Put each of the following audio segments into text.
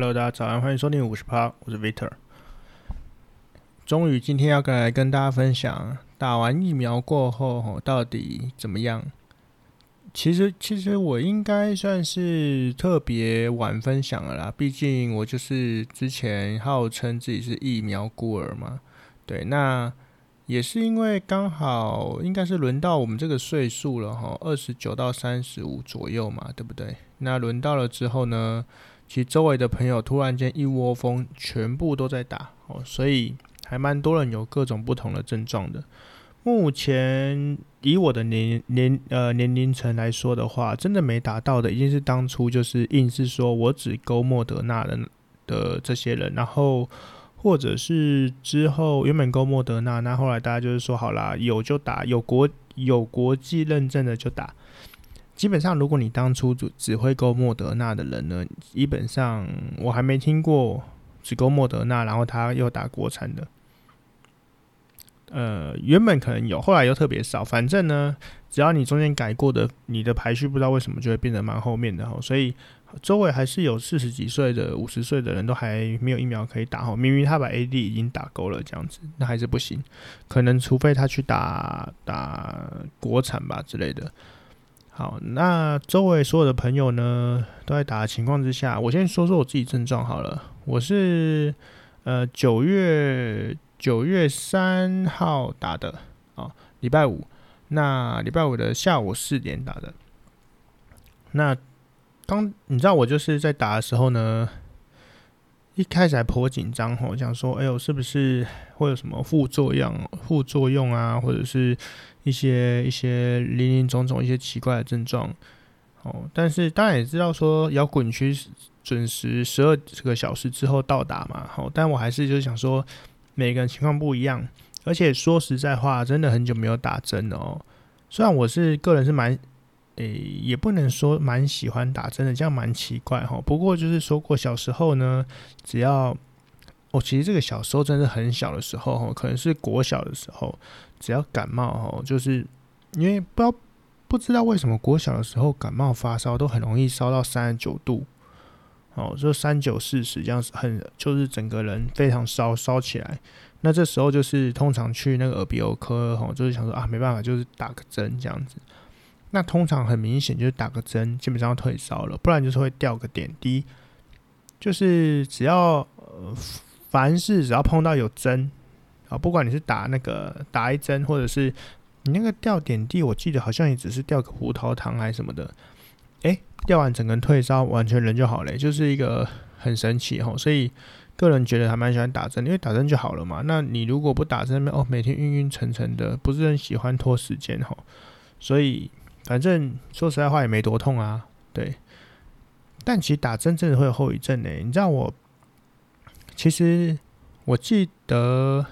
Hello，大家早上，歡迎收聽五十八。我是 Vitor。終於今天要來跟大家分享，打完疫苗過後、哦、到底怎麼樣？其實，其實我應該算是特別晚分享了啦，畢竟我就是之前號稱自己是疫苗孤兒嘛。對，那也是因為剛好應該是輪到我們這個歲數了哈，二十九到三十五左右嘛，對不對？那輪到了之後呢？其實周圍的朋友突然間一窩蜂，全部都在打哦，所以還蠻多人有各種不同的症狀的。目前以我的年年呃年齡層來說的話，真的沒達到的，一定是當初就是硬是說我只勾莫德納的的這些人，然後或者是之後原本勾莫德納，那後來大家就是說好啦，有就打，有國有國際認證的就打。基本上，如果你當初只只會勾莫德納的人呢，基本上我還沒聽過只勾莫德納，然後他又打國產的。呃，原本可能有，後來又特別少。反正呢，只要你中間改過的，你的排序不知道為什麼就會變得蠻後面的哈。所以周圍還是有四十幾歲的、五十歲的人都還沒有疫苗可以打好。明明他把 AZ 已經打夠了這樣子，那還是不行。可能除非他去打打國產吧之類的。好，那周圍所有的朋友呢，都在打的情況之下，我先說說我自己症狀好了。我是呃，九月九月三號打的啊、哦，禮拜五。那禮拜五的下午四點打的。那剛你知道我就是在打的時候呢。一開始還頗緊張吼，講說，哎呦，是不是會有什麼副作用，副作用啊，或者是一些一些林林總總一些奇怪的症狀哦？但是當然也知道說，搖滾區準時十二個小時之後到達嘛，吼，但我還是就想說，每個人情況不一樣，而且說實在話，真的很久沒有打針了哦。雖然我是個人是蠻。誒、欸，也不能說蠻喜歡打針的，這樣蠻奇怪哈。不過就是說，過小時候呢，只要我、哦、其實這個小時候真的很小的時候哈，可能是國小的時候，只要感冒哈，就是因為不知道不知道為什麼國小的時候感冒發燒都很容易燒到三十九度，哦，就三九四十這樣子，很就是整個人非常燒燒起來。那這時候就是通常去那個耳鼻喉科哈，就是想說啊沒辦法，就是打個針這樣子。那通常很明顯就是打個針，基本上要退燒了，不然就是會掉個點滴。就是只要呃，凡是只要碰到有針啊，不管你是打那個打一針，或者是你那個掉點滴，我記得好像也只是掉個葡萄糖還是什麼的，誒、欸，掉完整個退燒，完全人就好嘞、欸，就是一個很神奇吼。所以個人覺得還蠻喜歡打針，因為打針就好了嘛。那你如果不打針，哦，每天暈暈沉沉的，不是很喜歡拖時間吼。所以。反正說實在話也沒多痛啊，對。但其實打針真的會有後遺症呢，欸。你知道我其實我記得，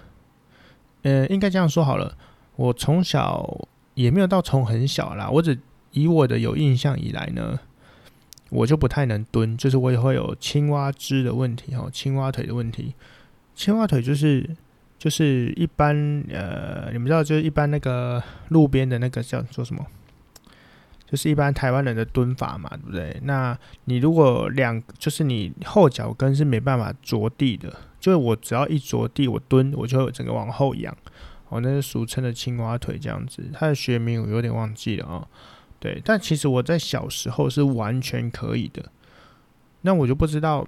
呃，應該這樣說好了。我從小也沒有到從很小啦，我只以我的有印象以來呢，我就不太能蹲，就是我也會有青蛙肢的問題哦，青蛙腿的問題。青蛙腿就是就是一般呃，你們知道就是一般那個路邊的那個叫做什麼？就是一般台灣人的蹲法嘛，對不對？那你如果兩就是你後腳跟是沒辦法着地的，就是我只要一着地，我蹲我就會整個往後仰，哦，那是俗稱的青蛙腿這樣子，它的學名我有點忘記了啊、哦。對，但其實我在小時候是完全可以的，那我就不知道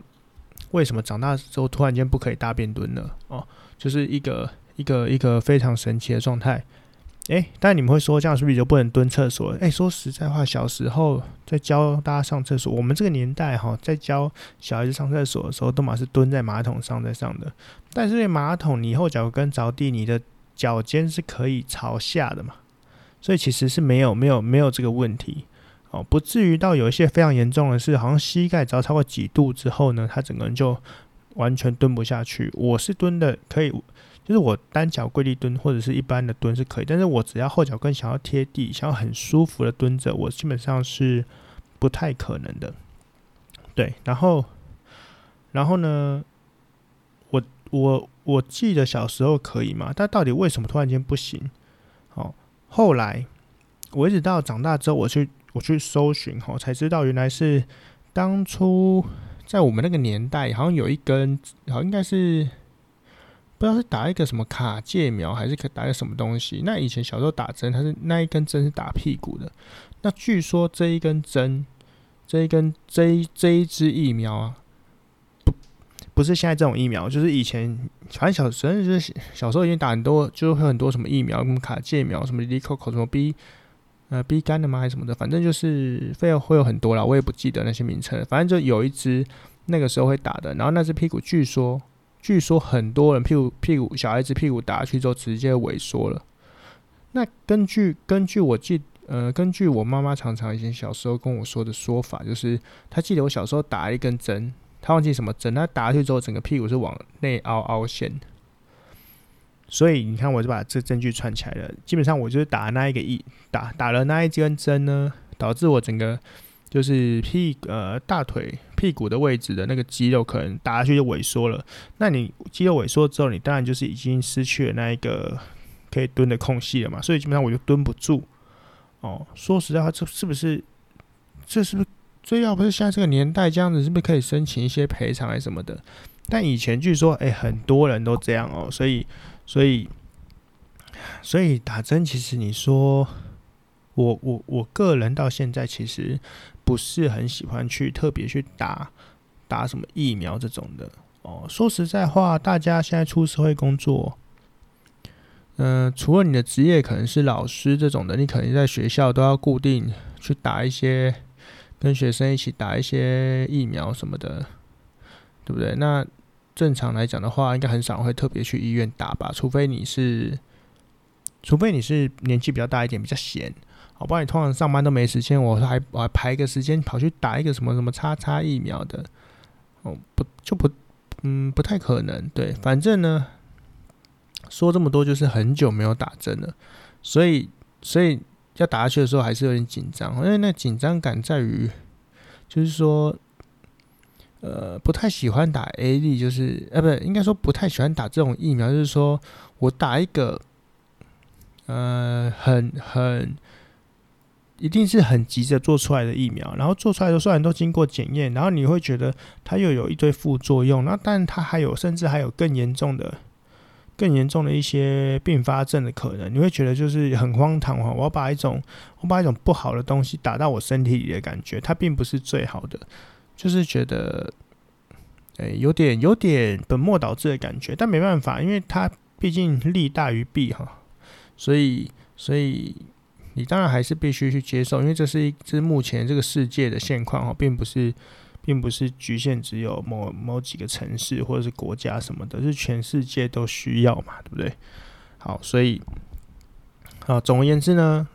為什麼長大之後突然間不可以大便蹲了哦，就是一個一個一個非常神奇的狀態。誒，但你們會說這樣是不是就不能蹲廁所？誒，說實在話，小時候在教大家上廁所，我們這個年代哈、哦，在教小孩子上廁所的時候，都嘛是蹲在馬桶上在上的。但是馬桶，你後腳跟着地，你的腳尖是可以朝下的嘛，所以其實是沒有沒有沒有這個問題哦，不至於到有一些非常嚴重的是，好像膝蓋只要超過幾度之後呢，他整個人就完全蹲不下去。我是蹲的可以，就是我單腳跪地蹲或者是一般的蹲是可以，但是我只要後腳跟想要貼地，想要很舒服的蹲着，我基本上是不太可能的。對，然後，然後呢？我我我記得小時候可以嘛，但到底為什麼突然間不行？哦，後來我一直到長大之後，我去我去搜尋哈、哦，才知道原來是當初在我們那個年代，好像有一根，好像應該是。不知道是打一個什麼卡介苗，還是可打一個什麼東西。那以前小時候打針，它是那一根針是打屁股的。那據說這一根針，這一根這一這一支疫苗啊，不不是現在這種疫苗，就是以前反正小反正就是小時候已經打很多，就是會很多什麼疫苗，什麼卡介苗，什麼 D, D C O 什麼 B 呃 B 肝的嗎，還是什麼的，反正就是會有會有很多啦，我也不記得那些名稱。反正就有一支那個時候會打的，然後那只屁股，據說。據說很多人屁股、屁股小孩子屁股打下去之後，直接萎縮了。那根據根據我記，呃，根據我媽媽常常以前小時候跟我說的說法，就是她記得我小時候打了一根針，她忘記什麼針，她打下去之後整個屁股是往內凹凹陷。所以你看，我就把這證據串起來了。基本上我就是打那一個一，打打了那一根針呢，導致我整個就是屁，呃，大腿。屁股的位置的那個肌肉可能打下去就萎縮了，那你肌肉萎縮之後，你當然就是已經失去了那一個可以蹲的空隙了嘛，所以基本上我就蹲不住。哦，說實在話，這是不是，這是不是，最要不是像這個年代這樣子，是不是可以申請一些賠償啊什麼的？但以前據說，誒，很多人都這樣哦，所以，所以，所以打針其實，你說我我我個人到現在其實。不是很喜歡去特別去打打什麼疫苗這種的哦。說實在話，大家現在出社會工作，嗯、呃，除了你的職業可能是老師這種的，你可能在學校都要固定去打一些跟學生一起打一些疫苗什麼的，對不對？那正常來講的話，應該很少會特別去醫院打吧，除非你是，除非你是年紀比較大一點，比較閒。我幫你通常上班都沒時間，我還我還排一個時間跑去打一個什麼什麼叉叉疫苗的，哦不就不嗯不太可能對，反正呢說這麼多就是很久沒有打針了，所以所以要打下去的時候還是有點緊張，因為那緊張感在於就是說呃不太喜歡打 AZ，就是呃，啊、不對，應該說不太喜歡打這種疫苗，就是說我打一個呃很很。很一定是很急着做出來的疫苗，然後做出來的雖然都經過檢驗，然後你會覺得它又有一堆副作用，那但它還有甚至還有更嚴重的、更嚴重的一些併發症的可能。你會覺得就是很荒唐哈！我要把一種我把一種不好的東西打到我身體裡的感覺，它並不是最好的，就是覺得誒、欸，有點有點本末倒置的感覺。但沒辦法，因為它畢竟利大於弊哈，所以所以。你當然還是必須去接受，因為這是一是目前這個世界的現況哦，並不是，並不是局限只有某某幾個城市或者是國家什麼的，是全世界都需要嘛，對不對？好，所以，好，總而言之呢，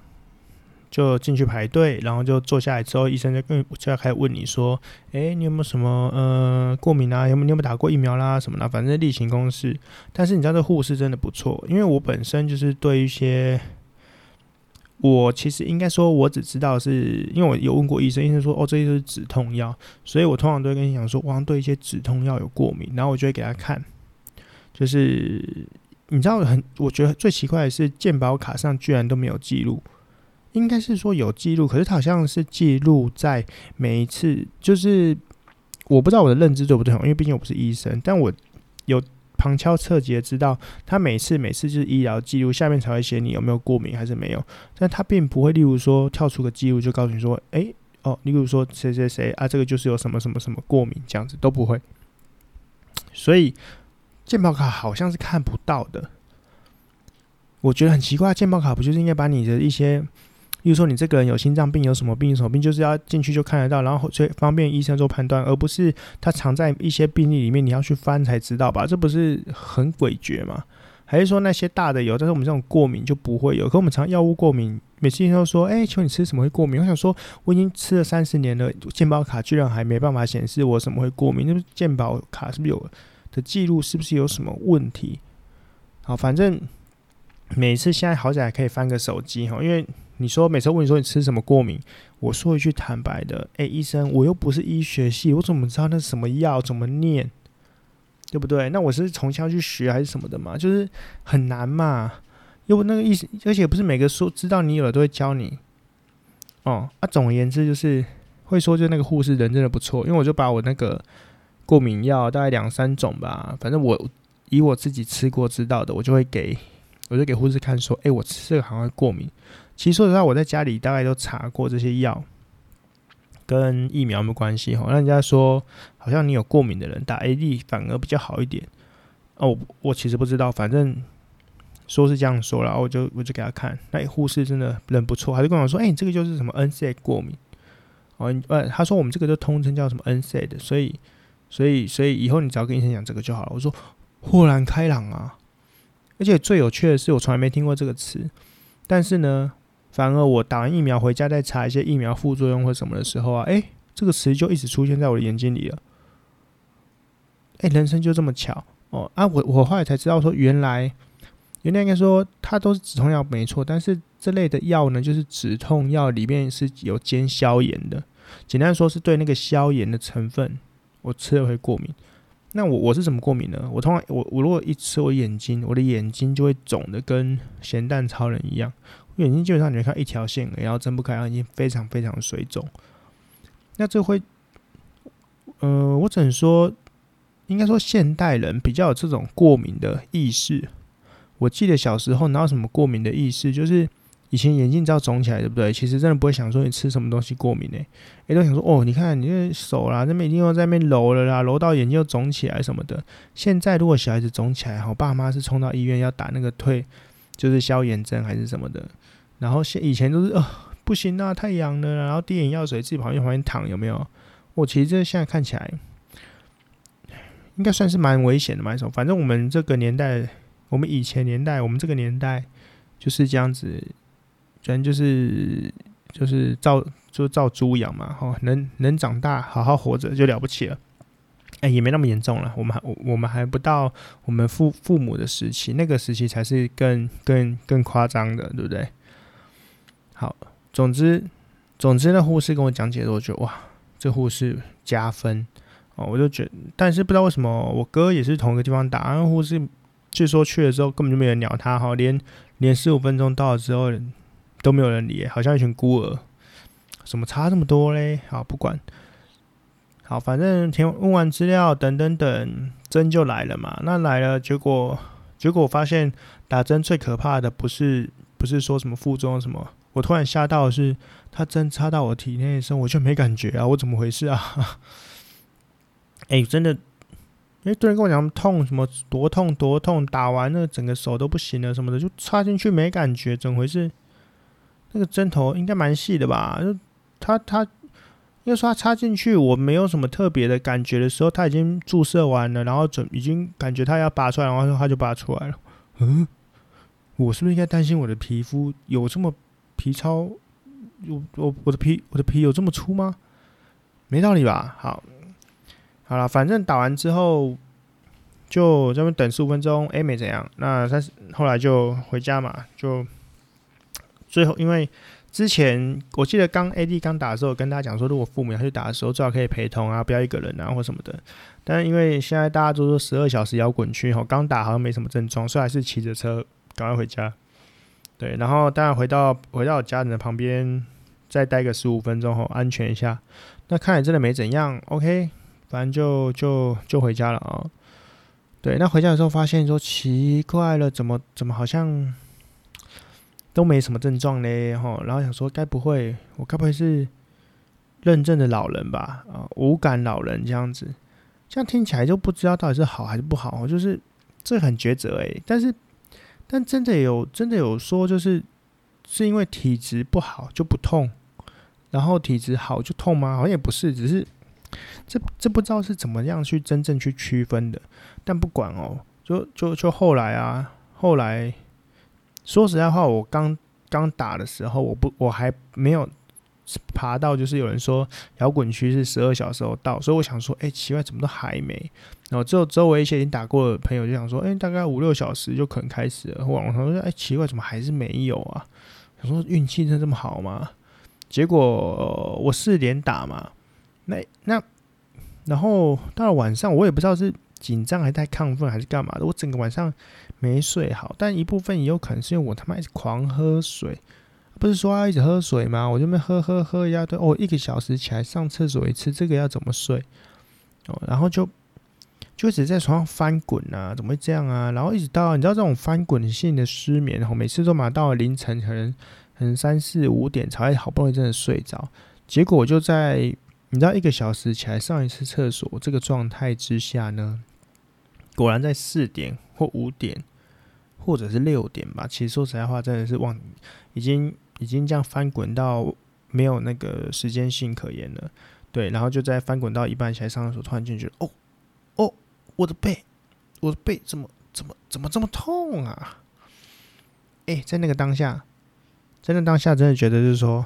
就進去排隊，然後就坐下來之後，醫生就更，就要開始問你說，誒、欸，你有沒有什麼呃過敏啊？有沒有沒有打過疫苗啦、啊、什麼啦、啊？反正例行公事。但是你知道，這護士真的不錯，因為我本身就是對一些。我其實應該說，我只知道是因為我有問過醫生，醫生說哦，這些都是止痛藥，所以我通常都會跟你講說，我對一些止痛藥有過敏，然後我就會給他看，就是你知道很，我覺得最奇怪的是健保卡上居然都沒有記錄，應該是說有記錄，可是它好像是記錄在每一次，就是我不知道我的認知對不對，因為畢竟我不是醫生，但我有。旁敲側擊的知道，他每次每次就是醫療記錄下面才會寫你有沒有過敏還是沒有，但他並不會例、欸哦，例如說跳出個記錄就告訴你說，誒哦，你比如說誰誰誰啊，這個就是有什麼什麼什麼過敏這樣子都不會。所以健保卡好像是看不到的，我覺得很奇怪，健保卡不就是應該把你的一些。比如說，你這個人有心臟病，有什麼病，有什麼病，就是要進去就看得到，然後最方便醫生做判斷，而不是他藏在一些病例裡面，你要去翻才知道吧？這不是很詭譎嗎？還是說那些大的有，但是我們這種過敏就不會有？可我們常藥物過敏，每次醫生都說：“哎，請問你吃什麼會過敏？”我想說，我已經吃了三十年了，健保卡居然還沒辦法顯示我什麼會過敏？那健保卡是不是有的記錄是不是有什麼問題？好，反正每次現在好歹還可以翻個手機哈，因為。你說每次問你說你吃什麼過敏，我說一句坦白的，哎，醫生，我又不是醫學系，我怎麼知道那是什麼藥怎麼念，對不對？那我是從小去學還是什麼的嘛？就是很難嘛，又不那個意思，而且不是每個說知道你有的都會教你。哦，啊，總而言之就是會說，就那個護士人真的不錯，因為我就把我那個過敏藥大概兩三種吧，反正我以我自己吃過知道的，我就會給，我就給護士看說，哎，我吃這個好像會過敏。其實說實話，我在家裡大概都查過這些藥跟疫苗沒關係哈。那人家說，好像你有過敏的人打 AZ 反而比較好一點哦、啊。我其實不知道，反正說是這樣說了，我就我就給他看。那護士真的人不錯，他就跟我說，哎、欸，你這個就是什麼 NSAID 過敏哦。呃、啊，他說我們這個就通稱叫什麼 NSAID 的，所以所以所以以後你只要跟醫生講這個就好了。我說豁然開朗啊！而且最有趣的是，我從來沒聽過這個詞，但是呢。反而我打完疫苗回家再查一些疫苗副作用或什麼的時候啊，誒、欸，這個詞就一直出現在我的眼睛裡了。誒、欸，人生就這麼巧哦啊！我我後來才知道說原，原來原來應該說它都是止痛藥沒錯，但是這類的藥呢，就是止痛藥裡面是有兼消炎的。簡單說，是對那個消炎的成分，我吃了會過敏。那我我是怎麼過敏呢？我通常我我如果一吃，我眼睛我的眼睛就會腫得跟鹹蛋超人一樣。眼睛基本上你會看一條線，然後睜不開，眼睛非常非常水腫。那這會，呃，我只能說，應該說現代人比較有這種過敏的意識。我記得小時候哪有什麼過敏的意識，就是以前眼睛只要腫起來，對不對？其實真的不會想說你吃什麼東西過敏誒、欸，也、欸、都想說哦，你看你這手啦，這邊一定要在那邊揉了啦，揉到眼睛又腫起來什麼的。現在如果小孩子腫起來，好，爸媽是衝到醫院要打那個退，就是消炎針還是什麼的。然後現以前都是呃、哦、不行那、啊、太癢了，然後滴眼藥水，自己跑去旁邊躺有沒有？我、哦、其實這現在看起來應該算是蠻危險的蠻一種，反正我們這個年代，我們以前年代，我們這個年代就是這樣子，反正就是就是照就照豬養嘛，哈、哦，能能長大好好活着就了不起了，哎也沒那麼嚴重了，我們還我我們還不到我們父父母的時期，那個時期才是更更更誇張的，對不對？好，總之，總之那護士跟我講解的時候，哇！這護士加分哦，我就覺得，但是不知道為什麼我哥也是同一個地方打，然後護士據說去了之後根本就沒有人鳥他，好、哦、連連四五分鐘到了之後都沒有人理，好像一群孤兒，怎麼差這麼多嘞？好，不管，好，反正填問完資料等等等，針就來了嘛。那來了，結果結果我發現打針最可怕的不是不是說什麼副作用什麼。我突然嚇到的是，他針插到我體內的時候，我卻沒感覺啊！我怎麼回事啊？哎、 欸，真的，哎、欸，突然跟我講痛什麼多痛多痛，打完了整個手都不行了什麼的，就插進去沒感覺，怎麼回事？那個針頭應該蠻細的吧？他他，因為說他插進去我沒有什麼特別的感覺的時候，他已經注射完了，然後準已經感覺他要拔出來，然後他就拔出來了。嗯，我是不是應該擔心我的皮膚有這麼？皮糙，我我我的皮我的皮有這麼粗嗎？沒道理吧。好，好啦，反正打完之後就在那邊等十五分鐘。誒、欸，沒怎樣。那他後來就回家嘛，就最後因為之前我記得剛 AZ 剛打的時候，跟大家講說，如果父母要去打的時候，最好可以陪同啊，不要一個人啊或什麼的。但因為現在大家都說十二小時搖滾區，我、喔、剛打好像沒什麼症狀，所以還是騎着車趕快回家。對，然後當然回到回到家人的旁邊，再待個十五分鐘後、哦、安全一下。那看來真的沒怎樣，OK，反正就就就回家了啊、哦。對，那回家的時候發現說奇怪了，怎麼怎麼好像都沒什麼症狀呢？哈、哦。然後想說，該不會我該不會是認證的老人吧？啊、哦，無感老人這樣子，這樣聽起來就不知道到底是好還是不好，就是這很抉擇哎、欸，但是。但真的有，真的有說，就是是因為體質不好就不痛，然後體質好就痛嗎？好像也不是，只是這這不知道是怎麼樣去真正去區分的。但不管哦、喔，就就就後來啊，後來說實在話我，我剛剛打的時候，我不，我還沒有。爬到就是有人說搖滾區是十二小時後到，所以我想說，哎、欸，奇怪，怎麼都還沒？然後之後周圍一些已經打過的朋友就想說，哎、欸，大概五六小時就可能開始了。我想說，哎、欸，奇怪，怎麼還是沒有啊？想說運氣真的這麼好嗎？結果我四點打嘛，那那然後到了晚上，我也不知道是緊張還是太亢奮還是幹嘛的，我整個晚上沒睡好。但一部分也有可能是因為我他媽一直狂喝水。不是說要一直喝水嗎？我就邊喝喝喝一大堆。哦，一個小時起來上廁所一次，這個要怎麼睡？哦，然後就就一直在床上翻滾啊！怎麼會這樣啊？然後一直到你知道這種翻滾性的失眠，然後每次都嘛到了凌晨可能可能三四五點才好不容易真的睡着。結果我就在你知道一個小時起來上一次廁所這個狀態之下呢，果然在四點或五點或者是六點吧。其實說實在話，真的是忘已經。已經這樣翻滾到沒有那個時間性可言了，對，然後就在翻滾到一半起來上廁所，突然間覺得，哦哦，我的背，我的背怎麼怎麼怎麼這麼痛啊？哎，在那個當下，真的當下真的覺得就是說，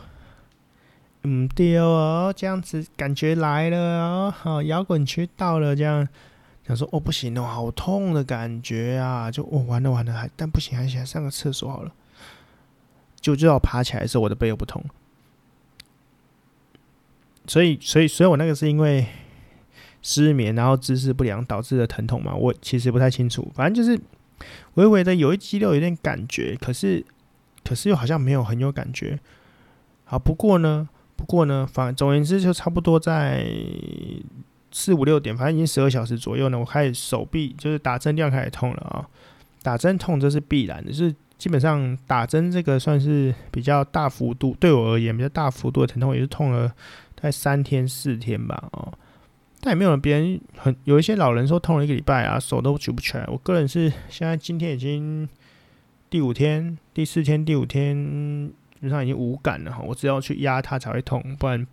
嗯，對哦，這樣子感覺來了哦，好，搖滾區到了，這樣想說，哦，不行了，好痛的感覺啊，就哦，完了完了，還，但不行，還是上個廁所好了。就知道爬起來的時候，我的背又不痛，所以所以所以我那個是因為失眠，然後姿勢不良導致的疼痛嘛？我其實不太清楚，反正就是微微的有一肌肉有點感覺，可是可是又好像沒有很有感覺。好，不過呢，不過呢，反正總而言之就差不多在四五六點，反正已經十二小時左右呢，我開始手臂就是打針，這樣開始痛了啊！打針痛這是必然的，是。基本上打針這個算是比較大幅度，對我而言比較大幅度的疼痛，也是痛了大概三天四天吧，哦，但也沒有人別人很有一些老人說痛了一個禮拜啊，手都舉不起來。我個人是現在今天已經第五天，第四天，第五天，嗯，基本上已經無感了哈，哦，我只要去壓它才會痛，不然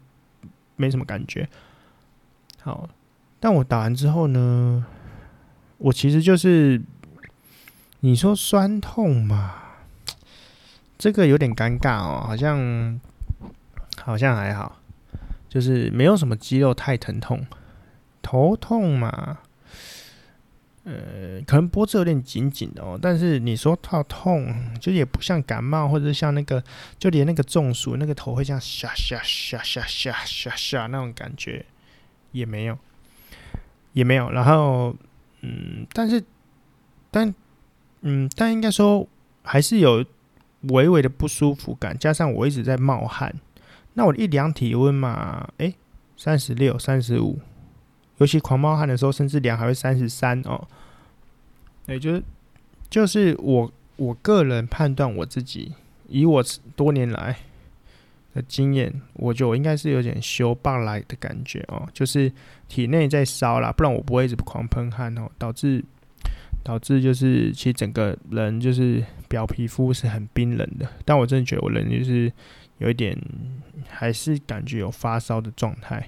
沒什麼感覺。好，但我打完之後呢，我其實就是。你說酸痛嘛，這個有點尷尬哦，好像好像還好，就是沒有什麼肌肉太疼痛。頭痛嘛，呃，可能脖子有點緊緊的哦，但是你說怕痛，就也不像感冒，或者像那個，就連那個中暑，那個頭會像下那種感覺也沒有也沒有。然後嗯，但是但。嗯，但應該說還是有微微的不舒服感，加上我一直在冒汗，那我一量體溫嘛，誒，三十六、三十五，尤其狂冒汗的時候，甚至量還會三十三哦。也、欸、就是就是我我個人判斷我自己，以我多年來的經驗，我就應該是有點休爆來的感覺哦，就是體內在燒啦，不然我不會一直狂噴汗哦，導致。導致就是，其實整個人就是表皮膚是很冰冷的，但我真的覺得我人就是有一點，還是感覺有發燒的狀態。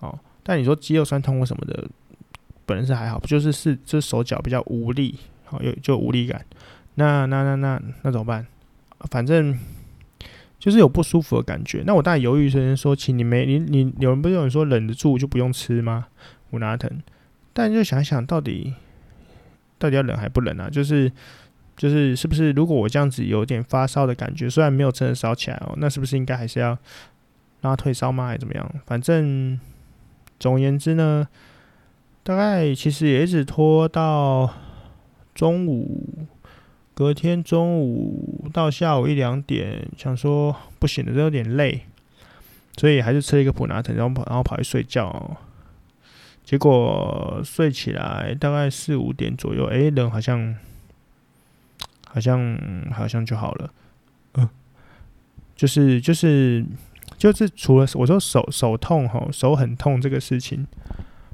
哦，但你說肌肉酸痛或什麼的，本人是還好，就是、就是這手腳比較無力，好、哦、有就有無力感。那那那那那怎麼辦？反正就是有不舒服的感覺。那我當然猶豫，首先說，請你沒你你有人不是有人說忍得住就不用吃嗎？我哪疼？但就想想到底。到底要冷還不冷啊？就是，就是，是不是如果我這樣子有點發燒的感覺，雖然沒有真的燒起來哦，那是不是應該還是要讓他退燒嗎，還是怎麼樣？反正，總而言之呢，大概其實也一直拖到中午，隔天中午到下午一兩點，想說不行了，真有點累，所以還是吃了一個普拿疼，然後跑，然後跑去睡覺哦。結果睡起來大概四五點左右，哎、欸，人好像好像好像就好了，嗯，就是就是就是除了我說手手痛吼，手很痛這個事情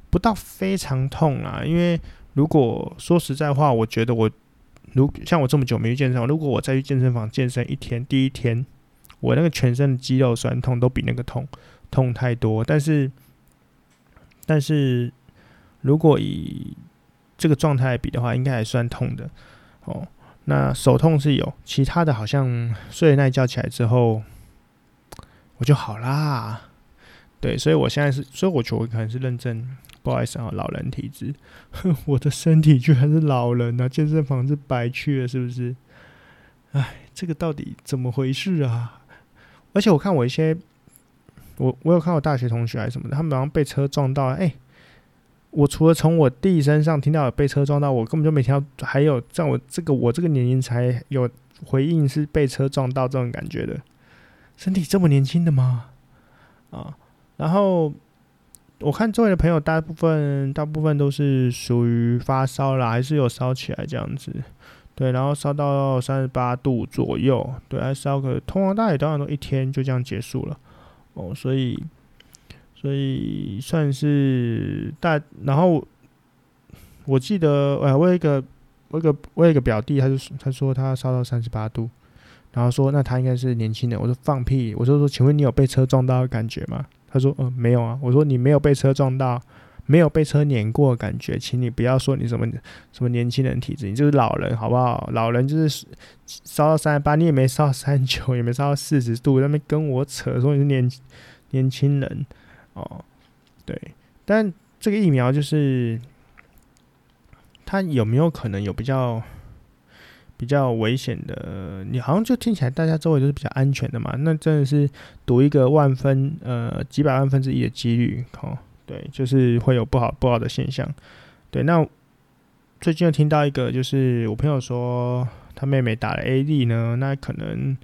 不到非常痛啦、啊，因為如果說實在話，我覺得我如像我這麼久沒去健身房，如果我再去健身房健身一天，第一天我那個全身的肌肉痠痛都比那個痛痛太多，但是。但是，如果以這個狀態比的話，應該還算痛的哦。那手痛是有，其他的好像睡了那一覺起來之後，我就好啦。對，所以我現在是，所以我覺得可能是認真，不好意思啊、哦，老人體質，我的身體居然是老人啊！健身房是白去了，是不是？哎，這個到底怎麼回事啊？而且我看我一些。我我有看我大學同學還是什麼的，他們好像被車撞到。哎、欸，我除了從我弟身上聽到有被車撞到，我根本就沒聽到。還有在我這個我這個年齡才有回應是被車撞到這種感覺的，身體這麼年輕的嗎？啊，然後我看周圍的朋友大部分大部分都是屬於發燒啦，還是有燒起來這樣子。對，然後燒到三十八度左右。對，還燒個通宵當然都一天就這樣結束了。哦，所以，所以算是大，然後我，我記得，哎，我有一個我有一個我有一個表弟，他就他說他燒到三十八度，然後說那他應該是年輕人，我說放屁，我就說，說請問你有被車撞到的感覺嗎？他說嗯、呃、沒有啊，我說你沒有被車撞到。沒有被車碾過的感覺，請你不要說你什麼什麼年輕人體質，你就是老人好不好？老人就是燒到三十八，你也沒燒三九，也沒燒到四十度，那邊跟我扯說你是年年輕人哦，對。但這個疫苗就是它有沒有可能有比較比較危險的？你好像就聽起來大家周圍都是比較安全的嘛，那真的是讀一個萬分呃幾百萬分之一的幾率哦。對，就是會有不好不好的現象。對，那最近又聽到一個，就是我朋友說他妹妹打了 AZ 呢，那可能，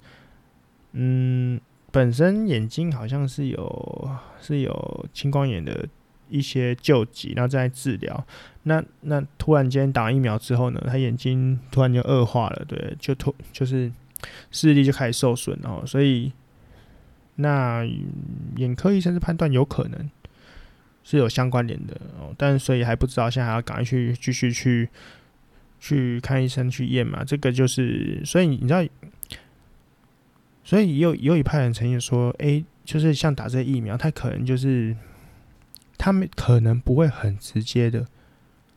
嗯，本身眼睛好像是有是有青光眼的一些舊疾，然後在治療。那那突然間打疫苗之後呢，他眼睛突然就惡化了，對，就突就是視力就開始受損哦。所以，那眼科醫生是判斷有可能。是有相關聯的哦，但所以還不知道，現在還要趕快去繼續去去看醫生去驗嘛。這個就是，所以你知道，所以也有有一派人曾經說，哎、欸，就是像打這疫苗，它可能就是他們可能不會很直接的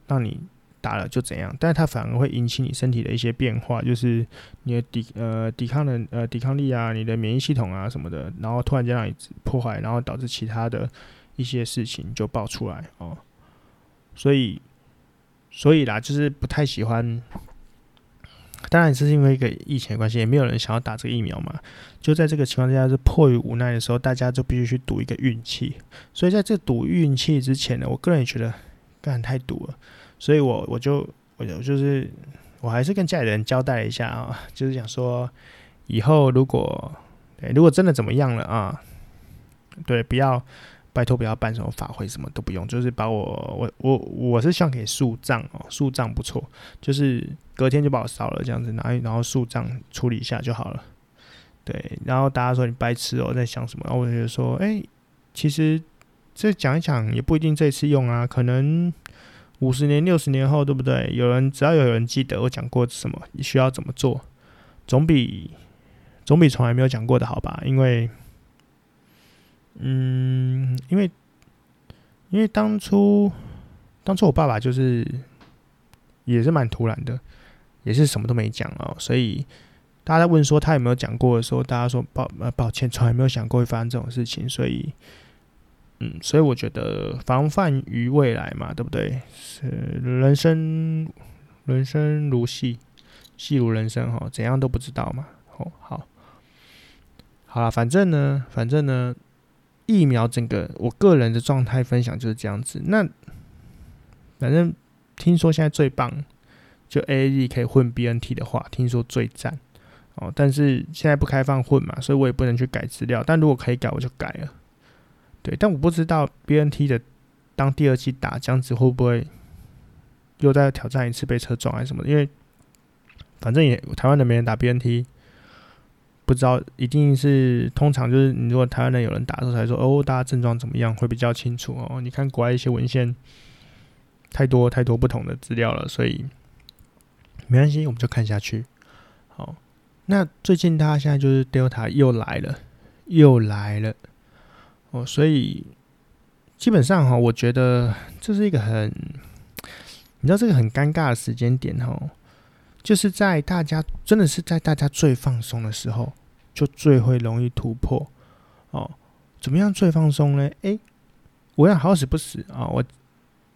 讓你打了就怎樣，但是它反而會引起你身體的一些變化，就是你的抵呃抵抗力、呃抵抗力啊，你的免疫系統啊什麼的，然後突然間讓你破壞，然後導致其他的。一些事情就爆出來哦，所以，所以啦，就是不太喜歡。當然，是因為一個疫情的關係，也沒有人想要打這個疫苗嘛。就在這個情況下，是迫於無奈的時候，大家就必須去賭一個運氣。所以，在這賭運氣之前呢，我個人也覺得，不敢太賭了，所以我我就我我就是，我還是跟家裡人交代了一下啊、哦，就是想說，以後如果，對，如果真的怎麼樣了啊，對，不要。拜託不要辦什麼法會，什麼都不用，就是把我我我我是想給樹葬哦，樹葬不錯，就是隔天就把我燒了，這樣子，然後然後樹葬處理一下就好了。對，然後大家說你白痴哦、喔，在想什麼？然後我就覺得說，哎、欸，其實這講一講也不一定這次用啊，可能五十年、六十年後，對不對？有人只要有人記得我講過什麼，需要怎麼做，總比總比從來沒有講過的好吧？因為。嗯，因為，因為當初，當初我爸爸就是，也是蠻突然的，也是什麼都沒講哦，所以大家問說他有沒有講過的時候，大家說抱抱歉，從來沒有想過會發生這種事情，所以，嗯，所以我覺得防範於未來嘛，對不對？是人生，人生如戲，戲如人生哈、哦，怎樣都不知道嘛。哦，好，好了，反正呢，反正呢。疫苗整個我個人的狀態分享就是這樣子。那反正聽說現在最棒，就 AZ 可以混 B、N、T 的話，聽說最讚哦。但是現在不開放混嘛，所以我也不能去改資料。但如果可以改，我就改了。對，但我不知道 B、N、T 的當第二劑打這樣子會不會又再挑戰一次被車撞還是什麼的？因為反正也台灣的沒人打 B、N、T。不知道，一定是通常就是你如果台灣的有人打出來說哦，大家症狀怎麼樣會比較清楚哦。你看國外一些文獻，太多太多不同的資料了，所以沒關係，我們就看下去。哦，那最近大家現在就是 Delta 又來了，又來了哦，所以基本上哈，我覺得這是一個很，你知道這個很尷尬的時間點哈。就是在大家真的是在大家最放鬆的時候，就最會容易突破哦。怎麼樣最放鬆呢？誒、欸，我要好死不死啊、哦！我，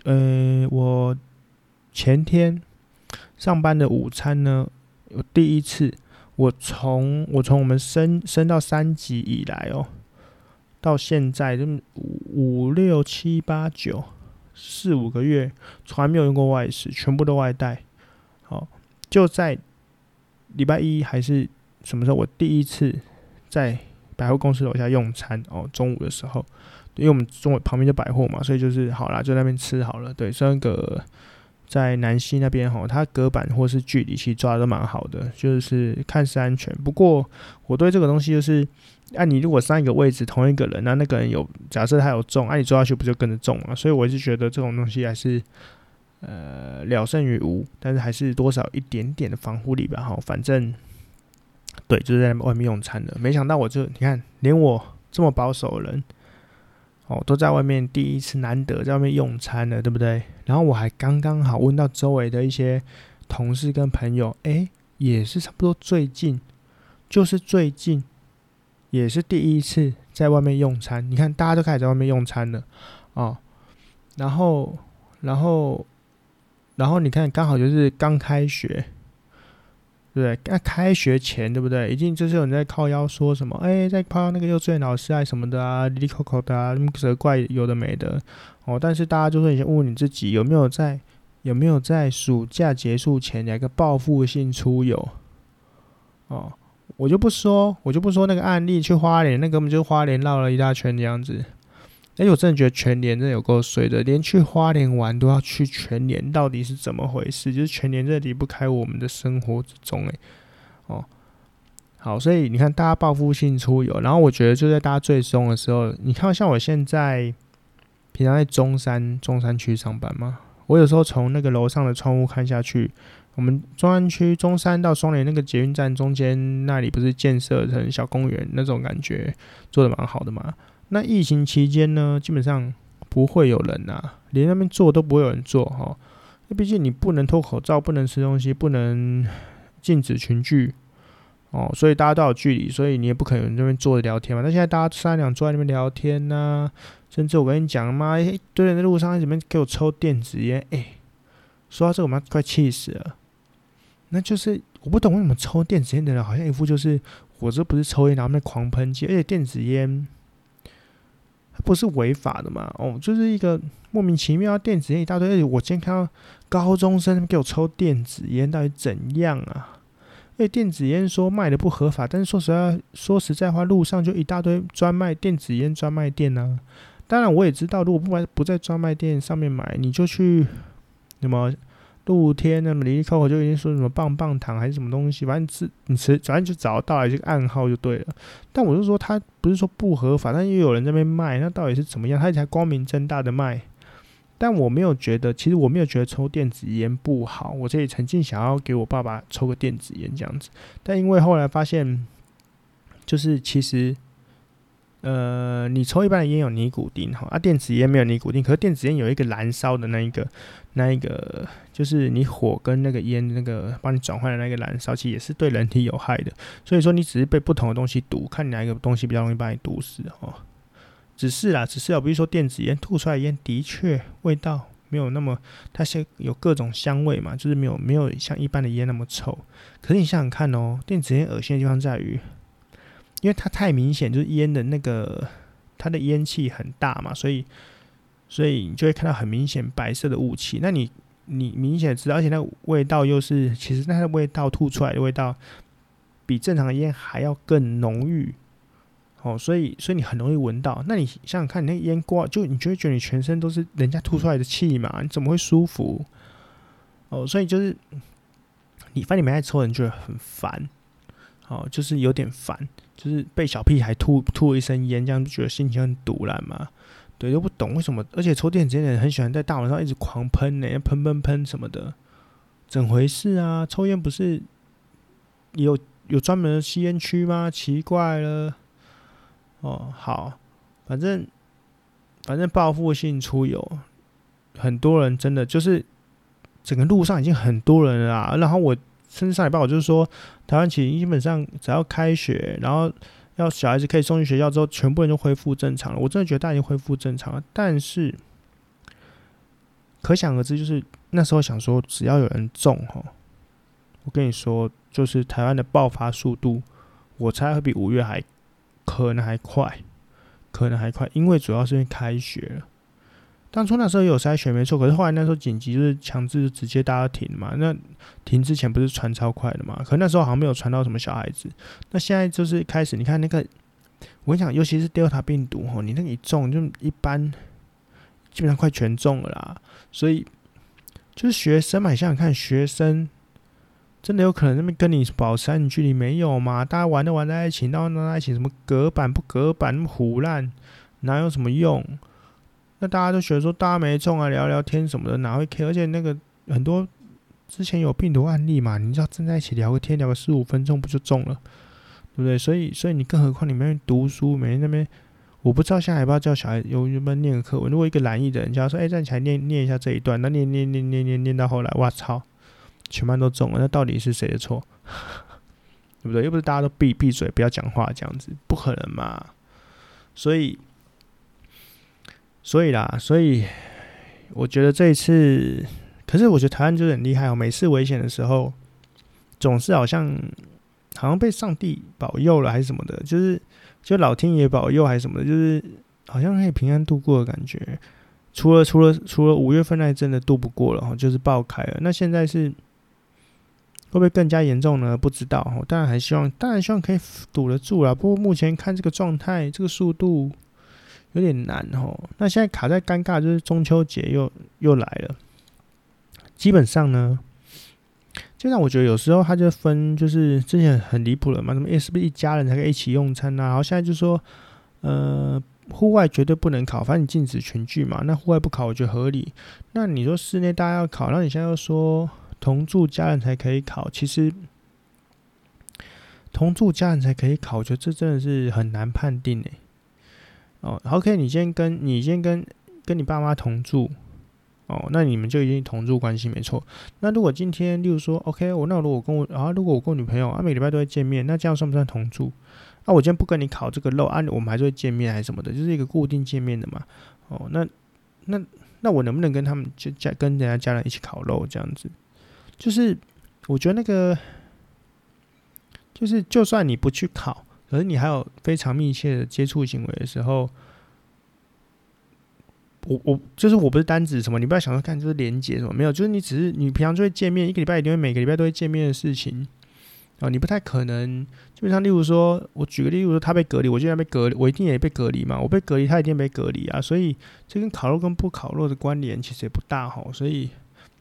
嗯、呃，我前天上班的午餐呢，我第一次，我從我從我們升升到三級以來哦，到現在就五五六七八九四五個月，從來沒有用過外食，全部都外帶，哦。就在禮拜一還是什麼時候，我第一次在百貨公司樓下用餐哦，中午的時候，因為我們中午旁邊就百貨嘛，所以就是好啦，就在那邊吃好了。對，雖然個在南西那邊哈、哦，它隔板或是距離其實抓得都蠻好的，就是看似安全。不過我對這個東西就是，按、啊、你如果上一個位置同一個人，那那個人有假設他有中，哎、啊，你抓下去不就跟着中了、啊？所以我是覺得這種東西還是。呃，聊勝於無，但是還是多少一點點的防護力吧。哈、哦，反正對，就是在外面用餐了。沒想到，我就你看，連我這麼保守的人，哦，都在外面第一次難得在外面用餐了，對不對？然後我還剛剛好問到周圍的一些同事跟朋友，哎、欸，也是差不多最近，就是最近，也是第一次在外面用餐。你看，大家都開始在外面用餐了哦，然後，然後。然後你看，剛好就是剛開學，對剛那、啊、開學前，對不對？已經就是有人在靠腰說什麼，哎，在靠那個幼稚園老師啊什麼的啊，滴口口的啊，什麼責怪有的沒的。哦，但是大家就說你先問問你自己，有沒有在，有沒有在暑假結束前兩個報復性出遊？哦，我就不說，我就不說那個案例去花蓮，那根本就是花蓮繞了一大圈的樣子。誒、欸，我真的覺得全聯真的有夠水的，連去花蓮玩都要去全聯，到底是怎麼回事？就是全聯真的離不開我們的生活之中誒、欸，哦，好，所以你看，大家報復性出遊，然後我覺得就在大家最鬆的時候，你看像我現在平常在中山中山區上班嘛，我有時候從那個樓上的窗戶看下去，我們中山區中山到雙連那個捷運站中間那裡不是建設成小公園那種感覺，做的蠻好的嘛。那疫情期間呢，基本上不會有人吶、啊，連那邊坐都不會有人坐哦，那畢竟你不能脫口罩，不能吃東西，不能禁止群聚哦，所以大家都有距離，所以你也不可能在那邊坐着聊天嘛。那現在大家三兩坐在那邊聊天吶、啊，甚至我跟你講，嘛一堆人在路上在那邊給我抽電子菸，誒、欸，說到這個，我媽快氣死了。那就是我不懂為什麼抽電子菸的人好像一副就是，我這不是抽菸，然後在那狂噴氣，而且電子菸。不是違法的嘛？哦，就是一個莫名其妙、啊、電子菸一大堆、欸。我今天看到高中生給我抽電子菸，到底怎樣啊？因、欸、為電子菸說賣的不合法，但是說實在，說實在話，路上就一大堆專賣電子菸專賣店呢、啊。當然我也知道，如果不買，不在專賣店上面買，你就去什麼。有露天那麼，離開我就已經說什麼棒棒糖還是什麼東西，反正是你是反正就找到這個暗號就對了。但我就說，他不是說不合法，但又有人在那邊賣，那到底是怎麼樣？他才光明正大的賣？但我沒有覺得，其實我沒有覺得抽電子煙不好。我自己曾經想要給我爸爸抽個電子煙這樣子，但因為後來發現，就是其實。呃，你抽一般的煙有尼古丁哈，啊，電子煙沒有尼古丁，可是電子煙有一個燃燒的那一個，那一個就是你火跟那個煙那個幫你轉換的那個燃燒其實也是對人體有害的，所以說你只是被不同的東西毒，看你哪一個東西比較容易把你毒死哈、哦，只是啦，只是哦，比如說電子煙吐出來的煙的確味道沒有那麼，它是有各種香味嘛，就是沒有沒有像一般的煙那麼臭。可是你想想看哦，電子煙噁心的地方在於。因為它太明顯，就是煙的那個，它的煙氣很大嘛，所以所以你就會看到很明顯白色的霧氣。那你你明顯知道，而且那個味道又是，其實它的味道吐出來的味道比正常的煙還要更濃郁。哦，所以所以你很容易聞到。那你想想看，你那煙鍋就你就會覺得你全身都是人家吐出來的氣嘛，嗯、你怎麼會舒服？哦，所以就是你發現你沒愛抽，你抽人覺得很煩，哦，就是有點煩。就是被小屁孩吐吐了一身煙，這樣就覺得心情很賭爛嘛？對，都不懂為什麼，而且抽電子煙的人很喜歡在大晚上一直狂噴呢，噴噴噴什麼的，怎回事啊？抽煙不是也有有專門的吸煙區嗎？奇怪了。哦，好，反正反正報復性出遊，很多人真的就是整個路上已經很多人了啦，然後我。甚至上禮拜我就是說，台灣其實基本上只要開學，然後要小孩子可以送去學校之後，全部人就恢復正常了。我真的覺得大家已經恢復正常了，但是可想而知，就是那時候想說，只要有人中哈、喔，我跟你說，就是台灣的爆發速度，我猜會比五月還可能還快，可能還快，因為主要是因為開學了。當初那時候有篩選沒錯，可是後來那時候緊急就是強制直接大家停嘛。那停之前不是傳超快的嘛？可那時候好像沒有傳到什麼小孩子。那現在就是開始，你看那個，我跟你講，尤其是 Delta 病毒吼，你那個一中就一般，基本上快全中了啦。所以就是學生嘛，想想看學生，真的有可能那邊跟你保持安全距離沒有嘛？大家玩都玩在一起，然後呢，在一起，什麼隔板不隔板，那麼唬爛，哪有什麼用？那大家都覺得說大家沒中啊，聊聊天什麼的，哪會 care？而且那個很多之前有病毒案例嘛，你知道，站在一起聊個天，聊個十五分鐘不就中了，對不對？所以，所以你更何況你沒讀書，每天那邊，我不知道現在還不要叫小孩有有沒有念課文。如果一個懶一點的人家說，哎、欸，站起來念念一下這一段，那念念念念念念到後來，哇操，全班都中了，那到底是誰的錯？ 對不對？又不是大家都閉閉嘴不要講話這樣子，不可能嘛？所以。所以啦，所以我覺得這一次，可是我覺得台灣就是很厲害哦。每次危險的時候，總是好像好像被上帝保佑了，還是什麼的，就是就老天爺保佑還是什麼的，就是好像可以平安度過的感覺。除了除了除了五月份那真的度不過了哈，就是爆開了。那現在是會不會更加嚴重呢？不知道哦。當然還希望，當然希望可以堵得住啦。不過目前看這個狀態，這個速度。有點難哦，那現在卡在尷尬，就是中秋節又又來了。基本上呢，就讓我覺得有時候他就分，就是之前很離譜了嘛，什麼誒是不是一家人才可以一起用餐啊？然後現在就說，呃，戶外絕對不能烤，反正你禁止群聚嘛。那戶外不烤，我覺得合理。那你說室內大家要烤，那你現在又說同住家人才可以烤，其實同住家人才可以烤，我覺得這真的是很難判定誒、欸。哦，好、OK,，K，你先跟你先跟跟你爸媽同住，哦，那你們就已經同住關係沒錯。那如果今天，例如說，OK，我那我如果跟我啊，如果我跟我女朋友啊，每禮拜都會見面，那這樣算不算同住？那、啊、我今天不跟你烤這個肉，啊，我們還是會見面還是什麼的，就是一個固定見面的嘛。哦，那那那我能不能跟他們家跟人家家人一起烤肉這樣子？就是我覺得那個，就是就算你不去烤。可是你還有非常密切的接觸行為的時候，我我就是我不是單指什麼，你不要想說看就是連接什麼，沒有，就是你只是你平常就會見面，一個禮拜一定會每個禮拜都會見面的事情啊、哦，你不太可能。基本上，例如說，我舉個例子，說他被隔離，我就要被隔，我一定也被隔離嘛，我被隔離，他一定被隔離啊，所以這跟烤肉跟不烤肉的關聯其實也不大哈。所以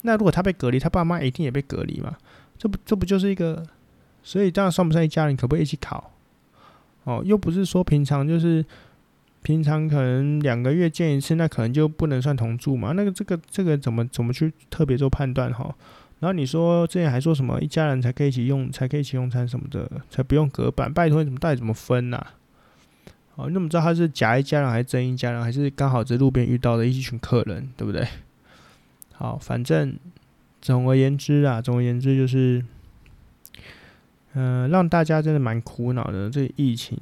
那如果他被隔離，他爸媽一定也被隔離嘛？這不這不就是一個？所以當然算不算一家人？可不可以一起烤？哦，又不是說平常就是平常，可能兩個月見一次，那可能就不能算同住嘛？那個，這個，這個怎麼怎麼去特別做判斷哈？然後你說之前還說什麼一家人才可以一起用，才可以一起用餐什麼的，才不用隔板？拜託，你怎麼到底怎麼分吶、啊？哦，你怎麼知道他是假一家人還是真一家人，還是剛好在路邊遇到的一群客人，對不對？好，反正總而言之啊，總而言之就是。嗯、呃，讓大家真的蠻苦惱的。這個、疫情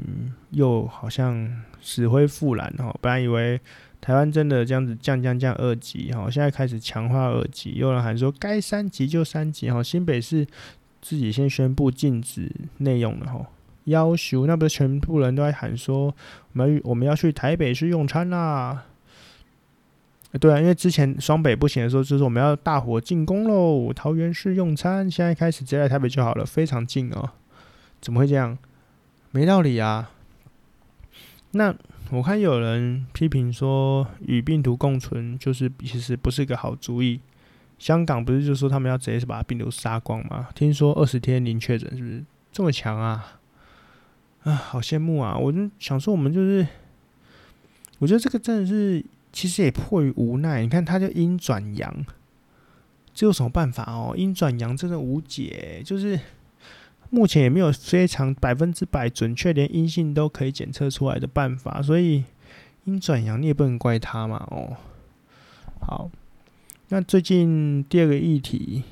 又好像死灰復燃哦。本來以為台灣真的這樣子降降降二級哈、哦，現在開始強化二級，又有人喊說該三級就三級哈、哦。新北市自己先宣布禁止內用的哈、哦，要求那不是全部人都在喊說，我們我們要去台北市用餐啦。對啊，因為之前雙北不行的時候，就是我們要大火進攻嘍。桃園市用餐，現在開始直接來台北就好了，非常近哦。怎麼會這樣？沒道理啊。那我看有人批評說，與病毒共存就是其實不是一個好主意。香港不是就是說他們要直接把病毒殺光嗎？聽說二十天零確診，是不是這麼強啊？啊，好羨慕啊！我就想說，我們就是，我覺得這個真的是。其實也迫於無奈，你看它就陰轉陽，這有什麼辦法哦？陰轉陽真的無解，就是目前也沒有非常百分之百準確，連陰性都可以檢測出來的辦法，所以陰轉陽你也不能怪它嘛哦。好，那最近第二個議題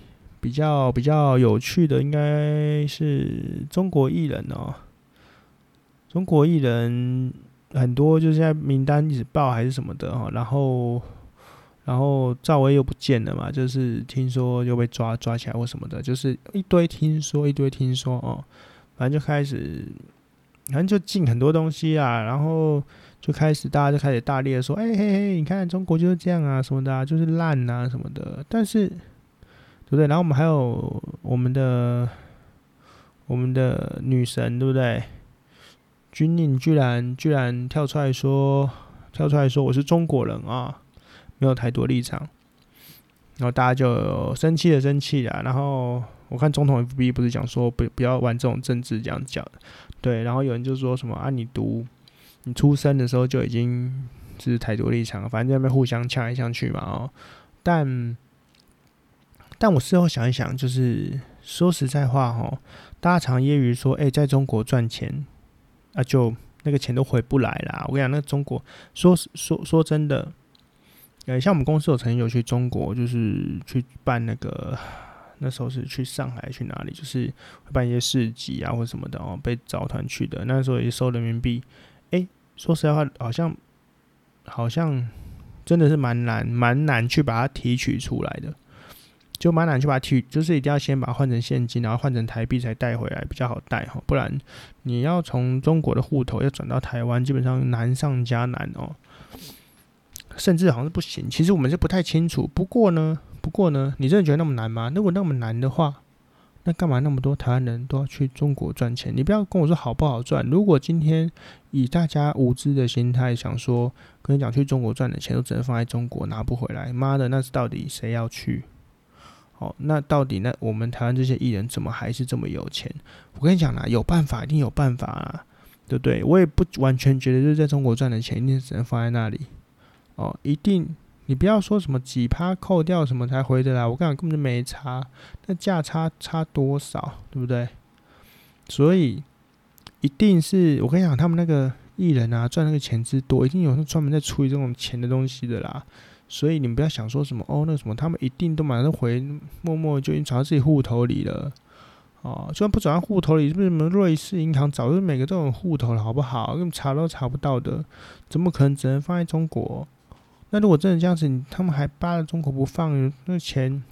比較比較有趣的應該是中國藝人哦，中國藝人。很多就是現在名單一直爆還是什麼的哦，然後，然後趙薇又不見了嘛，就是聽說又被抓抓起來或什麼的，就是一堆聽說，一堆聽說哦，反正就開始，反正就進很多東西啊，然後就開始大家就開始大力的說，哎、欸、嘿嘿，你看中國就是這樣啊，什麼的、啊，就是爛啊什麼的，但是，對不對？然後我們還有我們的，我們的女神，對不對？軍令居然居然跳出來說，跳出來說我是中國人啊，沒有台獨立場。然後大家就生氣的生氣啊。然後我看總統 F B 不是講說不不要玩這種政治這樣講的，對。然後有人就說什麼啊，你讀你出生的時候就已經是台獨立場，反正那邊互相掐來掐去嘛哦、喔。但但我事後想一想，就是說實在話哦、喔，大家常揶揄說，哎、欸，在中國賺錢。啊，就那個錢都回不來啦，我跟你講，那個中國說說說真的，呃，像我們公司有曾經有去中國，就是去辦那個那時候是去上海去哪裡，就是辦一些市集啊或什麼的哦、喔，被找團去的。那時候也收人民幣，哎、欸，說實在話，好像好像真的是蠻難蠻難去把它提取出來的。就蠻難，去把 T，就是一定要先把換成現金，然後換成台幣才帶回來比較好帶齁。不然你要從中國的戶頭要轉到台灣，基本上難上加難哦。甚至好像是不行，其實我們是不太清楚。不過呢，不過呢，你真的覺得那麼難嗎？如果那麼難的話，那幹嘛那麼多台灣人都要去中國賺錢？你不要跟我說好不好賺。如果今天以大家無知的心態想說，跟你講去中國賺的錢都只能放在中國拿不回來，媽的，那是到底誰要去？哦，那到底那我們台灣這些藝人怎麼還是這麼有錢？我跟你講啦，有辦法一定有辦法啊。對不對？我也不完全覺得，就是在中國賺的錢一定只能放在那裡。哦，一定，你不要說什麼幾趴扣掉什麼才回得來，我跟你講根本就沒差，那價差差多少，對不對？所以一定是我跟你講，他們那個藝人啊，賺那個錢之多，一定有人專門在處理這種錢的東西的啦。所以你們不要想說什麼哦，那什麼他們一定都馬上回默默就已經轉到自己戶頭裡了哦、啊，就算不轉到戶頭裡，為什麼瑞士銀行早就是、每個都有戶頭了，好不好？你們查都查不到的，怎麼可能只能放在中國？那如果真的這樣子，他們還扒着中國不放，那錢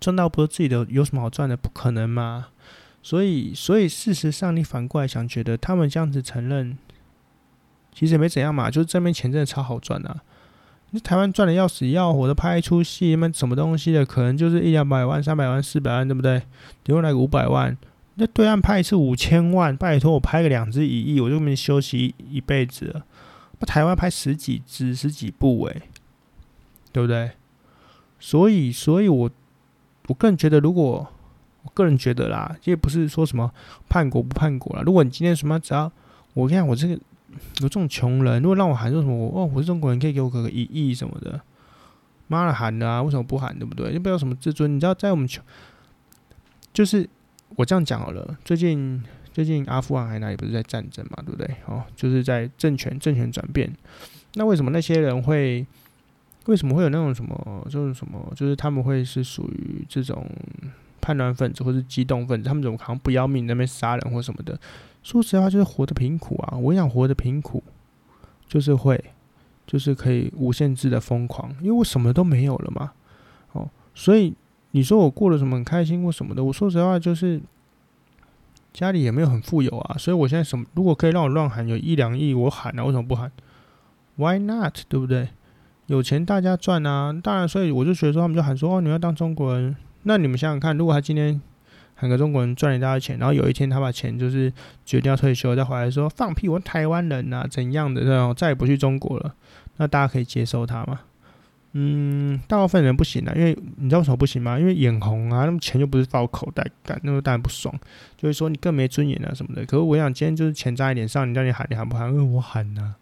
賺到不是自己的，有什麼好賺的？不可能嘛！所以，所以事實上，你反過來想，覺得他們這樣子承認，其實也沒怎樣嘛，就是這邊錢真的超好賺啊。台灣賺的要死要活的拍一出戲，那什麼東西的可能就是一兩百萬、三百萬、四百萬，對不對？頂多來個五百萬。那對岸拍一次五千萬，拜托我拍個兩支一億，我就能休息一輩子了。那台灣拍十幾支、十幾部、欸，誒，對不對？所以，所以我，我個人覺得，如果我個人覺得啦，也不是說什麼叛國不叛國啦。如果你今天什麼只要我看我這個。有這種窮人，如果讓我喊說什麼我，我哦，我是中國人，可以給我給個一億、e, e、什麼的，媽的，喊的啊？為什麼不喊？對不對？又不要什麼自尊？你知道，在我們窮，就是我這樣講好了。最近最近，阿富汗還哪裡不是在戰爭嘛？對不對？哦，就是在政權政權轉變。那為什麼那些人會？為什麼會有那種什麼？就是什麼？就是他們會是屬於這種叛亂分子，或是激動分子？他們怎麼好像不要命在那邊殺人或什麼的？說實話，就是活得貧苦啊！我想活得貧苦，就是會，就是可以無限制的瘋狂，因為我什麼都沒有了嘛。哦，所以你說我過得什麼開心或什麼的，我說實話就是家裡也沒有很富有啊，所以我現在什麼，如果可以讓我亂喊，有一兩億我喊啊，為什麼不喊？Why not？對不對？有錢大家賺啊！當然，所以我就覺得說，他們就喊說哦，你要當中國人，那你們想想看，如果他今天。兩個中國人賺了一大家的錢，然後有一天他把錢就是決定要退休，再回來說放屁，我台灣人吶、啊，怎樣的那種，再也不去中國了。那大家可以接受他嗎？嗯，大部分人不行的、啊，因為你知道為什麼不行嗎？因為眼紅啊，那麼錢又不是放口袋幹，那麼當然不爽，就是說你更沒尊嚴啊什麼的。可是我想今天就是錢扎在臉上，你到底喊，你喊不喊？因為我喊吶、啊。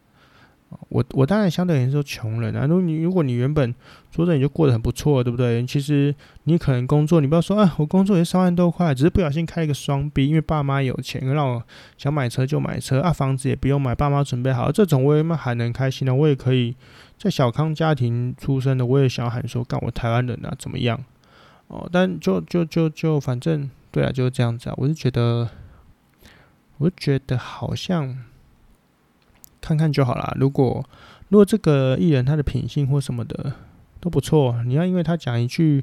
我我當然相對而言是窮人啊。如果你如果你原本做着你就過得很不錯，對不對？其實你可能工作，你不要說啊，我工作也三萬多塊，只是不小心開一個雙 B，因為爸媽有錢，讓我想買車就買車啊，房子也不用買，爸媽準備好，這種為什麼還能開心呢、啊？我也可以在小康家庭出生的，我也想要喊說，幹我台灣人啊，怎麼樣？哦，但就就就就反正對啊，就是這樣子啊。我是覺得，我覺得好像。看看就好啦。如果如果這個藝人他的品性或什麼的都不錯，你要因為他講一句，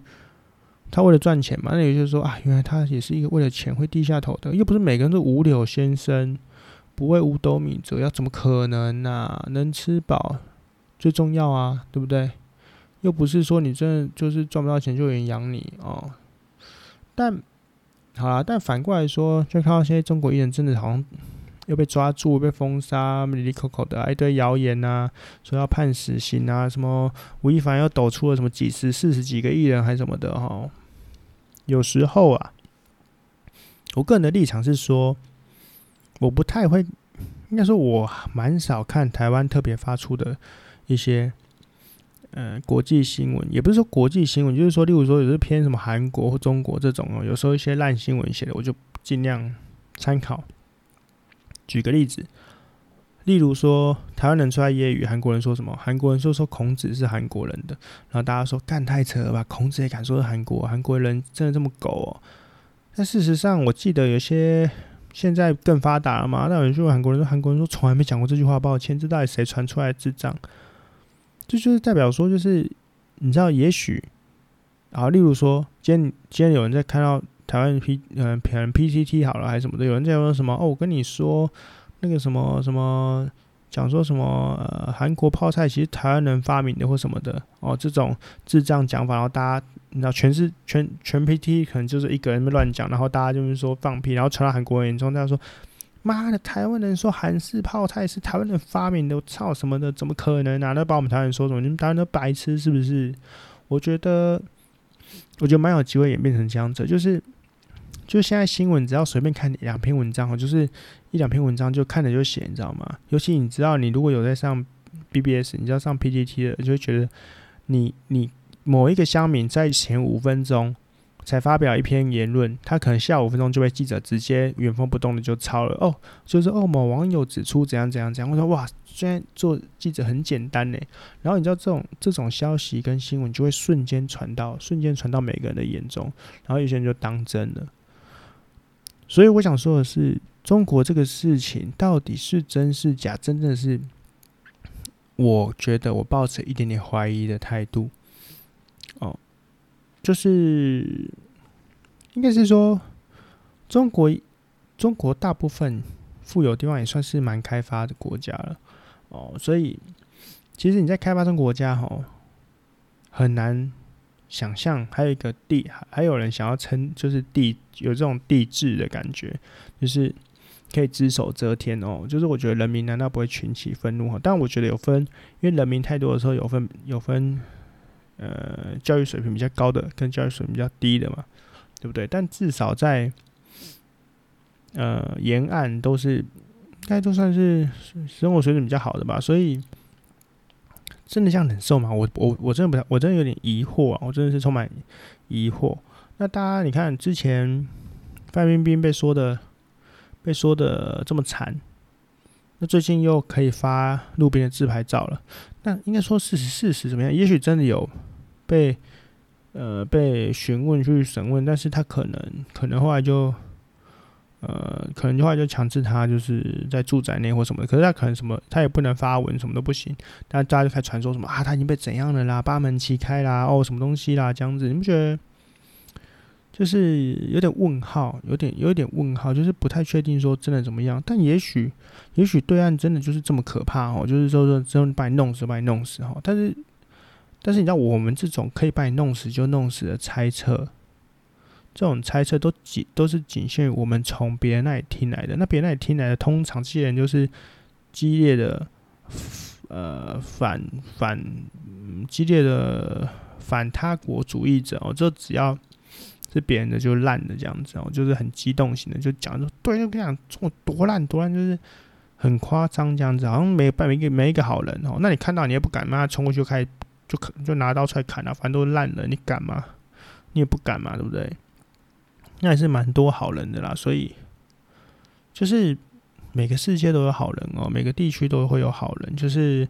他為了賺錢嘛，那也就是說啊，原來他也是一個為了錢會低下頭的，又不是每個人都五柳先生不為五斗米折腰，要怎麼可能呢、啊？能吃飽最重要啊，對不對？又不是說你真的就是賺不到錢就有人養你哦。但好啦，但反過來說，就看到現在中國藝人真的好像。又被抓住，被封殺，咪哩口口的、啊，一堆謠言啊，說要判死刑啊，什麼吳亦凡又抖出了什麼幾十、四十幾個藝人，還什麼的哦，有時候啊，我個人的立場是說，我不太會，應該說我蠻少看台灣特別發出的一些，呃，國際新聞，也不是說國際新聞，就是說，例如說有些偏什麼韓國或中國這種哦、喔，有時候一些爛新聞寫的，我就盡量參考。舉個例子，例如說，台灣人出來揶揄韓國人說什麼？韓國人說說孔子是韓國人的，然後大家說幹太扯了吧，孔子也敢說是韓國？韓國人真的這麼狗喔？但事實上，我記得有些現在更發達了嘛，那有些人說韓國人說，韓國人說從來沒講過這句話，幫我簽字到底誰傳出來的智障？這就是代表說，就是你知道也，也許，啊，例如說，今天今天有人在看到。台灣 P 嗯、呃，可能 PTT 好了還是什麼的，有人在說什麼哦？我跟你說，那個什麼什麼講說什麼呃，韓國泡菜其實台灣人發明的或什麼的哦，這種智障講法，然後大家你知道全是全全 PT，可能就是一個人亂講，然後大家就是說放屁，然後傳到韓國人眼中，他說媽的，台灣人說韓式泡菜是台灣人發明的，我操什麼的，怎麼可能啊？都把我們台灣人說什麼？你們台灣人都白痴是不是？我覺得我覺得蠻有機會演變成這樣子，就是。就現在新聞，只要隨便看兩篇文章哦，就是一兩篇文章就看了就寫，你知道嗎？尤其你知道，你如果有在上 B B S，你知道上 P T T 的，就會覺得你你某一個鄉民在前五分鐘才發表一篇言論，他可能下五分鐘就被記者直接原封不動的就抄了哦。就是哦，某網友指出怎樣怎樣怎樣，我說哇，現在做記者很簡單呢。然後你知道這種這種消息跟新聞就會瞬間傳到，瞬間傳到每個人的眼中，然後有些人就當真了。所以我想說的是，中國這個事情到底是真是假？真的是，我覺得我抱持一點點懷疑的態度。哦，就是應該是說，中國中國大部分富有的地方也算是蠻開發的國家了。哦，所以其實你在開發中國家，吼，很難。想象還有一個帝，還有人想要稱就是帝，有這種帝制的感覺，就是可以只手遮天哦。就是我覺得人民難道不會群起憤怒哈？但我覺得有分，因為人民太多的時候有分，有分，呃，教育水平比較高的跟教育水平比較低的嘛，對不對？但至少在呃沿岸都是應該都算是生活水準比較好的吧，所以。真的像忍受嗎？我我我真的不太，我真的有點疑惑啊！我真的是充滿疑惑。那大家你看，之前范冰冰被說的被說的這麼慘，那最近又可以發路邊的自拍照了。那應該說事實事實怎麼樣？也許真的有被呃被詢問去審問，但是他可能可能後來就。呃，可能的話就強制他就是在住宅內或什麼的，可是他可能什麼，他也不能發文，什麼都不行。但大家就開始傳說什麼啊，他已經被怎樣了啦，八門齊開啦，哦，什麼東西啦，這樣子。你不覺得就是有點問號，有點有一點問號，就是不太確定說真的怎麼樣？但也許也許對岸真的就是這麼可怕哦，就是說說真的把你弄死，把你弄死哈。但是但是你知道我們這種可以把你弄死就弄死的猜測。這種猜測都僅都是僅限於我們從別人那裡聽來的。那別人那裡聽來的，通常這些人就是激烈的呃反反激烈的反他國主義者哦、喔，就只要是別人的就爛的這樣子哦、喔，就是很激動型的就，就講說對，就跟你講，中國多爛多爛，就是很誇張這樣子，好像沒半沒沒一個好人哦、喔。那你看到你也不敢，他衝過去就開始就可就，就拿刀出來砍啊，反正都是爛人，你敢嗎？你也不敢嘛，對不對？那也是蠻多好人的啦，所以就是每個世界都有好人哦、喔，每個地區都會有好人，就是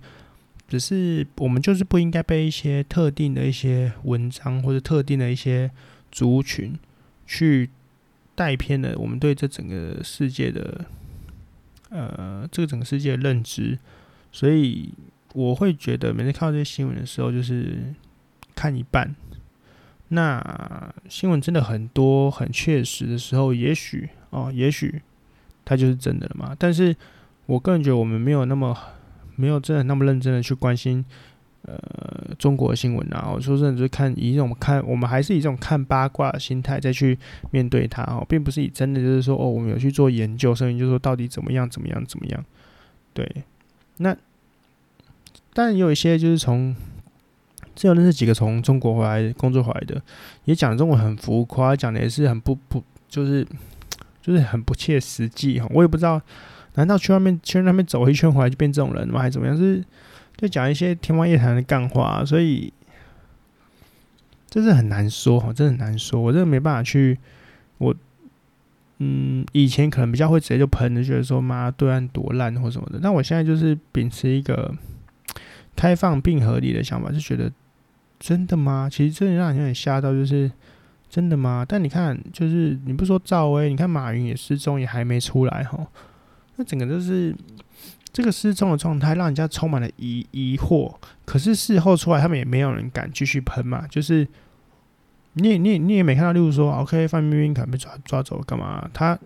只是我們就是不應該被一些特定的一些文章或者特定的一些族群去帶偏了我們對這整個世界的呃這個整個世界的認知，所以我會覺得每次看到這些新聞的時候，就是看一半。那新聞真的很多很確實的時候，也許哦，也許它就是真的了嘛。但是我個人覺得我們沒有那麼沒有真的那麼認真的去關心呃中國的新聞啊。我說真的就是看以這種看，我們還是以這種看八卦的心態再去面對它哦，並不是以真的就是說哦，我們有去做研究，所以就是說到底怎麼樣怎麼樣怎麼樣。對，那但有一些就是從。只有認識幾個從中國回來工作回來的，也講中文很浮誇，講的也是很不不就是就是很不切實際，我也不知道，難道去外面去那邊走一圈回來就變這種人嗎？還是怎麼樣？是就是就講一些天方夜譚的乾話，所以這是很難說，真的很難說。我真的沒辦法去，我嗯，以前可能比較會直接就噴，就覺得說媽對岸多爛或什麼的。但我現在就是秉持一個開放並合理的想法，就覺得。真的嗎？其實真的讓人有點嚇到，就是真的嗎？但你看，就是你不說趙薇，你看馬雲也失蹤，也還沒出來吼，那整個就是這個失蹤的狀態，讓人家充滿了疑疑惑。可是事後出來，他們也沒有人敢繼續噴嘛。就是你、你、你也沒看到，例如說，OK，范冰冰可能被抓抓走了幹嘛？他。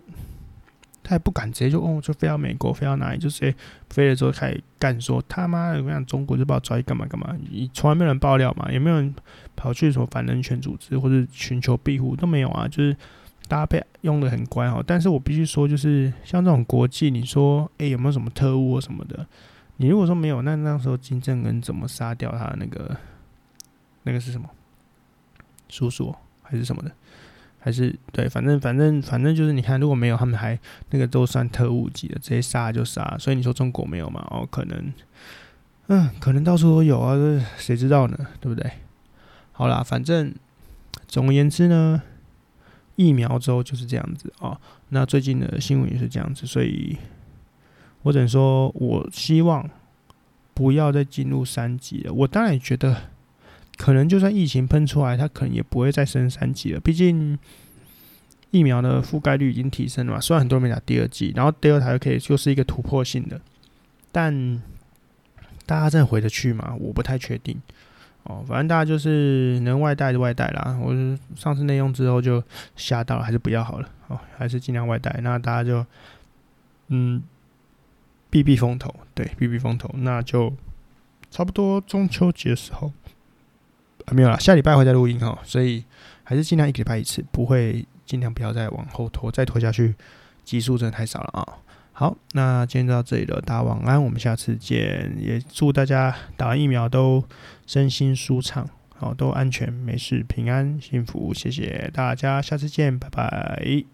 他也不敢直接就哦，就飛到美國，飛到哪裡？就直接飛了之後開始幹，說他媽的，我想中國就不知道抓你幹嘛幹嘛。你從來沒有人爆料嘛？也沒有人跑去什麼反人權組織或者尋求庇護都沒有啊。就是搭配用的很乖哦。但是我必須說，就是像這種國際，你說哎、欸、有沒有什麼特務啊什麼的？你如果說沒有，那那時候金正恩怎麼殺掉他的那個那個是什麼叔叔還是什麼的？還是對，反正反正反正就是，你看，如果沒有他們還，還那個都算特務級的，直接殺就殺。所以你說中國沒有嘛？哦，可能，嗯，可能到處都有啊，誰知道呢？對不對？好啦，反正，總而言之呢，疫苗之後就是這樣子啊、哦。那最近的新聞也是這樣子，所以我只能說，我希望不要再進入三級了。我當然也覺得。可能就算疫情噴出來，它可能也不會再升三級了。畢竟疫苗的覆蓋率已經提升了嘛。雖然很多人沒打第二劑，然後第二台就可以就是一個突破性的，但大家再回得去嘛？我不太確定哦。反正大家就是能外帶就外帶啦。我上次內用之後就嚇到了，還是不要好了哦。還是盡量外帶。那大家就嗯，避避風頭，對，避避風頭。那就差不多中秋節的時候。沒有啦，下禮拜會再錄音哈、哦，所以還是盡量一個禮拜一次，不會盡量不要再往後拖，再拖下去，集數真的太少了啊！好，那今天就到這裡了，大家晚安，我們下次見，也祝大家打完疫苗都身心舒暢，好都安全，沒事，平安，幸福，謝謝大家，下次見，拜拜。